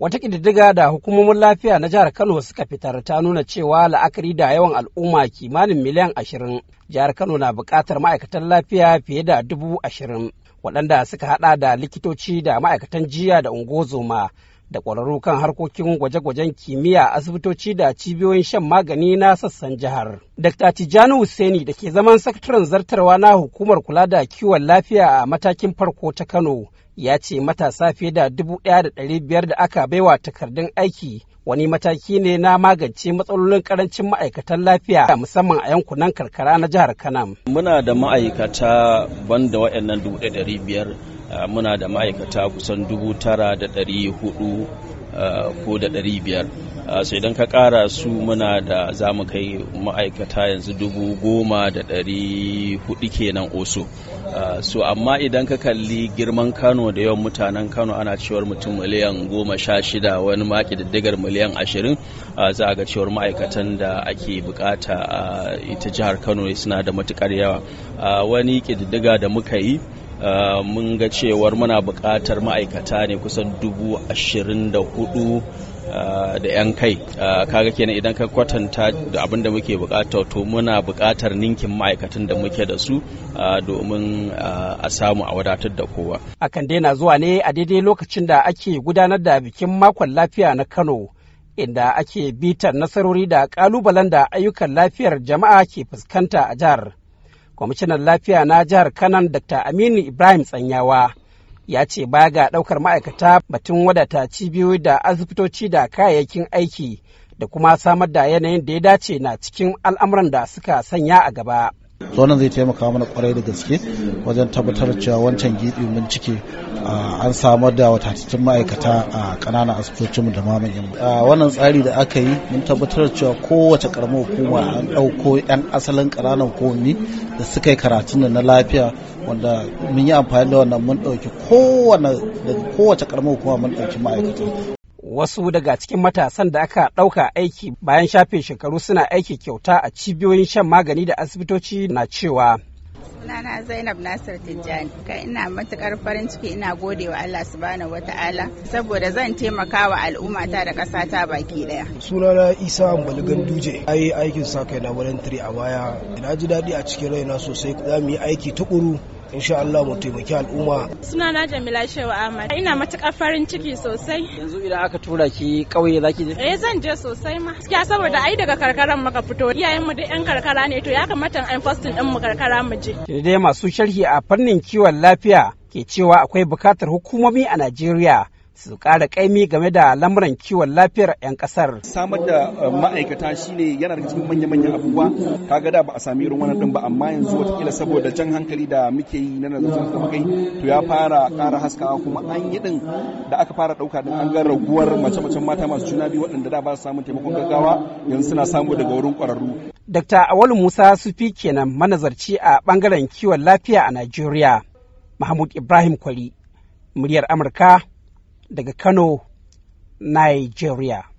Wata ƙididdiga da hukumomin lafiya na jihar Kano suka fitar ta nuna cewa la'akari da yawan al'umma kimanin miliyan ashirin jihar Kano na buƙatar ma'aikatan lafiya fiye da dubu ashirin waɗanda suka haɗa da likitoci da ma'aikatan jiya da ungozoma da ƙwararru kan harkokin gwaje-gwajen kimiyya a asibitoci da cibiyoyin shan magani na sassan jihar. Dr. Tijjani Hussaini da ke zaman sakataren zartarwa na hukumar kula da kiwon lafiya a matakin farko ta Kano ya ce matasa fiye da dubu ɗaya da ɗari biyar da aka baiwa takardun aiki wani mataki ne na magance matsalolin karancin ma'aikatan lafiya musamman a yankunan karkara na jihar Kano. Muna da ma'aikata banda waɗannan dubu ɗari biyar muna da ma'aikata kusan dubu tara da ɗari hudu ko da ɗari biyar. Ah, sai idan ka kara su muna da za mu kai ma'aikata yanzu dubu goma da ɗari hudu kenan oso ah, so amma idan ka kalli girman kano da yawan mutanen kano ana cewar mutum miliyan goma sha shida wani maki diddigar miliyan ashirin ah, za a ga cewar ma'aikatan da ake bukata a ita jihar kano suna da matukar yawa wani ƙididdiga da muka yi Eh, mun ga cewar muna bukatar ma'aikata ne kusan dubu ashirin da hudu eh, da 'yan kai eh, kaga kenan idan ka kwatanta da abin da muke bukata to muna bukatar ninkin ma'aikatan da muke da su domin a samu a wadatar da kowa akan na zuwa ne a daidai lokacin da ake gudanar da bikin makon lafiya na kano inda ake bitar nasarori da kalubalen da ayyukan lafiyar jama'a ke fuskanta a jihar kwamishinan lafiya na jihar kanan dr aminu ibrahim tsanyawa ya ce baya ga ɗaukar ma'aikata batun wadata cibiyoyi da asibitoci da kayayyakin aiki da kuma samar da yanayin da ya dace na cikin al'amuran da suka sanya a gaba zonan zai taimaka mana kwarai da gaske wajen tabbatar cewa wancan gidi mun cike an samar da wadatattun ma'aikata a ƙananan asibitocinmu da mamayen wannan tsari da aka yi mun tabbatar cewa kowace karamar hukuma an ɗauko 'yan asalin kananan komi da suka yi karatun da na lafiya wanda mun yi amfani da wannan mun ɗauki kowace karamar hukuma mun ɗauki ma'aikata wasu daga cikin matasan da aka ɗauka aiki bayan shafe shekaru suna aiki kyauta a cibiyoyin shan magani da asibitoci na cewa sunana zainab nasir tijjani kai ina matukar farin ciki ina gode wa allah subhanahu wataala saboda zan taimaka wa al'ummata da ta baki daya sunana isa balgan duje ai aikin sa kai na voluntary a baya Ina ji daɗi a cikin raina sosai za mu yi aiki tukuru insha Allah mu taimaki al'umma suna na Jamila Shehu Ahmad ina matukar farin ciki sosai yanzu idan aka tura ki kauye ki je eh zan je sosai ma gaskiya saboda ai daga karkaran muka fito iyayen mu da yan karkara ne to ya kamata an fasting din mu karkara mu je dai masu sharhi a fannin kiwon lafiya ke cewa akwai bukatar hukumomi a Najeriya su kara kaimi game da lamuran kiwon lafiyar 'yan kasar. Samar da eh, ma'aikata shi shine yana daga cikin manya-manyan abubuwa ga da ba a sami irin wannan ɗin ba amma yanzu watakila saboda jan hankali da muke yi na nazarin kuma kai to ya fara ƙara haskawa kuma an yi din da aka fara ɗauka din an ga raguwar mace-macen mata masu juna biyu waɗanda da ba su samun taimakon gaggawa yanzu suna samu daga wurin ƙwararru. Dr. awalu Musa Sufi kenan manazarci a bangaren kiwon lafiya a Najeriya. Mahmud Ibrahim Kwari, muryar Amurka daga Kano, Nigeria.